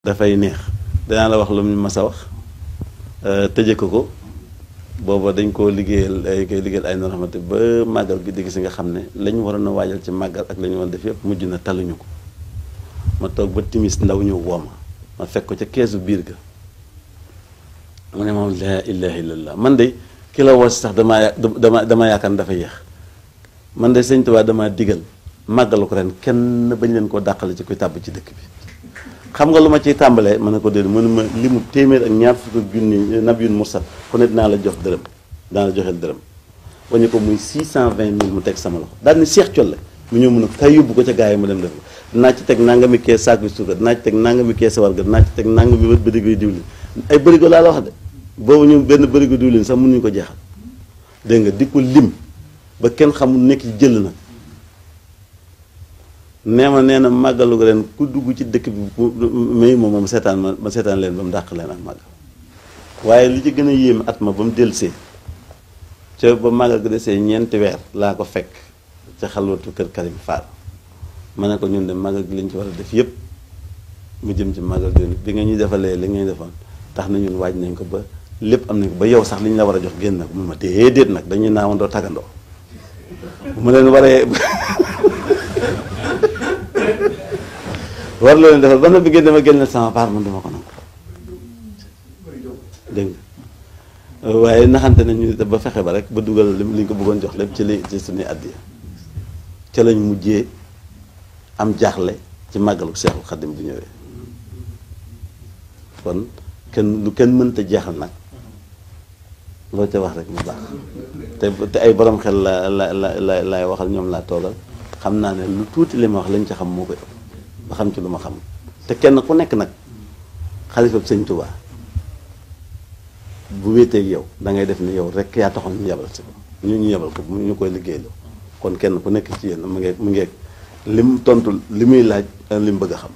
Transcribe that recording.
dafay neex danaa la wax lu mu mas a wax euh, tëjee ko ko booba dañ koo liggéeyal dañ koy liggéeyal ay normalité ba màggal gi dégg si nga xam ne lañ waroon a waajal ci màggal ak lañ waroon def yëpp mujj na taluñu ko ma toog ba timis ndaw ñëw wooma ma fekk ko ca keesu biir ga mu ne moom laa ilaha illallah man de ki la woo sax damaa dama dama yaakaar dafa yeex man de sëñ Tuubaa dama digal màggal ko ren kenn bañ leen koo dàqale ci kuy tàbb ci dëkk bi xam nga lu ma ciy tàmbalee ma ne ko déedéet mu ne ma li mu téeméer ak ñaar fukk ak junni eh, nab yun mursal ku ne la jox dërëm dinaa la joxeel dërëm wañu ko muy 620 mille mu teg sama loxo daal ni seex mu ñëw mun a kay yóbbu ko ca gaay ma dem def dinaa ci teg nangami kee saak bi suukar dinaa ci teg nangami kee sawar ga dinaa ci teg nangami wët bërigoy diwlin ay bërigo laa la wax de boobu ñu benn bërigo diwlin sax mënuñu ko jeexal dégg nga di ko lim ba kenn xamul nekk ci jël na nee ma nee na màggalu ren ku dugg ci dëkk bi may ma moom seetaan ma ma seetaan leen ba mu dàq leen ak màggal waaye li ci gën a yéem at ma ba mu delsee ca ba màggal ko desee ñeenti weer laa ko fekk ca xalwatu kër Karim Fall ma ne ko ñun de màggal gi lañ ci war a def yépp mu jëm ci màggal gi bi nga ñuy defalee li ngay defoon tax na ñun waaj nañ ko ba lépp am nañ ko ba yow sax li ñu la war a jox génn ko mun ma déedéet nag dañuy naawandoo tàggandoo mu war loo leen defal ba noppi génn dama génn sama part man dama ko nangu dégg nga waaye naxante nañu ba fexe ba rek ba dugal li ñu ko bëggoon jox lépp ci li ci suñuy addiya ca lañ mujjee am jaaxle ci màggalu Seexul Xaddim bu ñëwee kon kenn lu kenn mënta jeexal nag loo ca wax rek mu baax te ay borom xel la la la laay waxal ñoom laa toogal xam naa ne lu tuuti li ma wax lañ ci xam moo koy ëpp ba xam ci lu ma xam te kenn ku nekk nag xalifa sëñ Tuubaa bu wéeteeg yow da ngay def ni yow rekk yaa taxoon ñu yabal si ko ñu ñu yabal ko ñu koy liggéeyloo kon kenn ku nekk ci yéen mu ngi mu ngi lim tontu li muy laaj li mu bëgg a xam